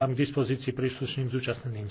mám k dispozícii príslušným zúčastneným.